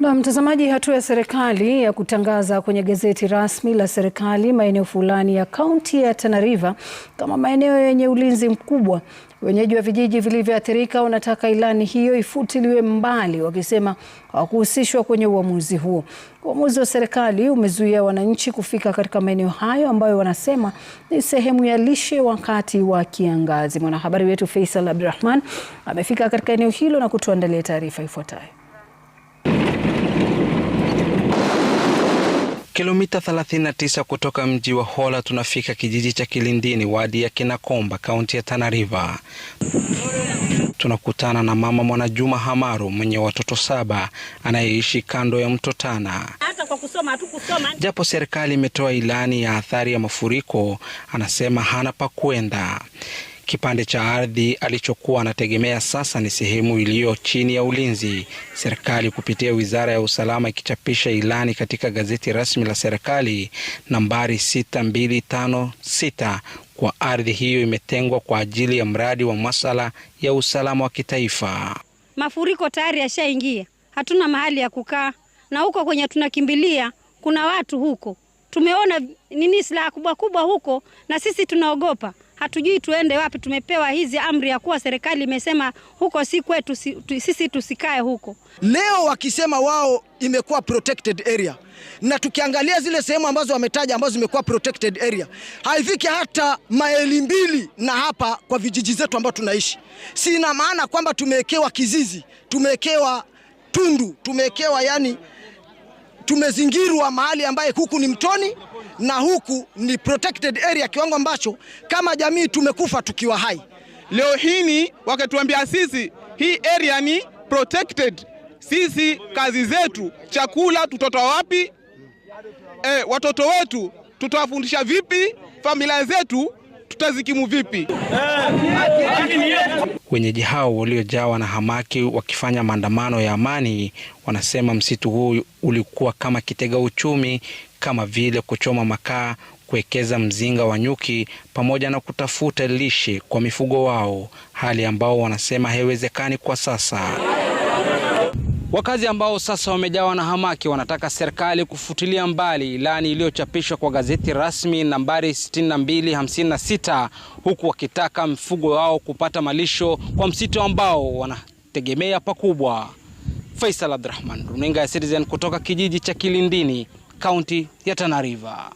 Na mtazamaji, hatua ya serikali ya kutangaza kwenye gazeti rasmi la serikali maeneo fulani ya kaunti ya Tana River kama maeneo yenye ulinzi mkubwa. Wenyeji wa vijiji vilivyoathirika wanataka ilani hiyo ifutiliwe mbali, wakisema hawakuhusishwa kwenye uamuzi huo. Uamuzi wa serikali umezuia wananchi kufika katika maeneo hayo ambayo wanasema ni sehemu ya lishe wakati wa kiangazi. Mwanahabari wetu Faisal Abdurrahman amefika katika eneo hilo na kutuandalia taarifa ifuatayo. Kilomita 39 kutoka mji wa Hola tunafika kijiji cha Kilindini, wadi ya Kinakomba, kaunti ya Tana River. Tunakutana na mama Mwanajuma Hamaru mwenye watoto saba anayeishi kando ya mto Tana. Kusoma, kusoma. Japo serikali imetoa ilani ya athari ya mafuriko, anasema hana pa kwenda. Kipande cha ardhi alichokuwa anategemea sasa ni sehemu iliyo chini ya ulinzi. Serikali kupitia Wizara ya Usalama ikichapisha ilani katika gazeti rasmi la serikali nambari 6256 kwa ardhi hiyo imetengwa kwa ajili ya mradi wa masala ya usalama wa kitaifa. Mafuriko tayari yashaingia, hatuna mahali ya kukaa, na huko kwenye tunakimbilia kuna watu huko tumeona nini silaha kubwa kubwa huko, na sisi tunaogopa, hatujui tuende wapi. Tumepewa hizi amri ya kuwa serikali imesema huko si kwetu, sisi tusikae huko. Leo wakisema wao imekuwa protected area, na tukiangalia zile sehemu ambazo wametaja ambazo zimekuwa protected area haifiki hata maeli mbili na hapa kwa vijiji zetu ambao tunaishi. Si ina maana kwamba tumewekewa kizizi, tumewekewa tundu, tumewekewa yani tumezingirwa mahali ambaye huku ni mtoni na huku ni protected area, kiwango ambacho kama jamii tumekufa tukiwa hai. Leo hii wakatuambia sisi hii area ni protected, sisi kazi zetu, chakula tutotoa wapi? E, watoto wetu tutawafundisha vipi? familia zetu tutazikimu vipi? Wenyeji hao waliojawa na hamaki wakifanya maandamano ya amani wanasema msitu huu ulikuwa kama kitega uchumi, kama vile kuchoma makaa, kuwekeza mzinga wa nyuki pamoja na kutafuta lishe kwa mifugo wao, hali ambao wanasema haiwezekani kwa sasa. Wakazi ambao sasa wamejawa na hamaki wanataka serikali kufutilia mbali ilani iliyochapishwa kwa gazeti rasmi nambari 6256 huku wakitaka mfugo wao kupata malisho kwa msitu ambao wanategemea pakubwa. Faisal Abdurrahman, runinga ya Citizen kutoka kijiji cha Kilindini, kaunti ya Tana River.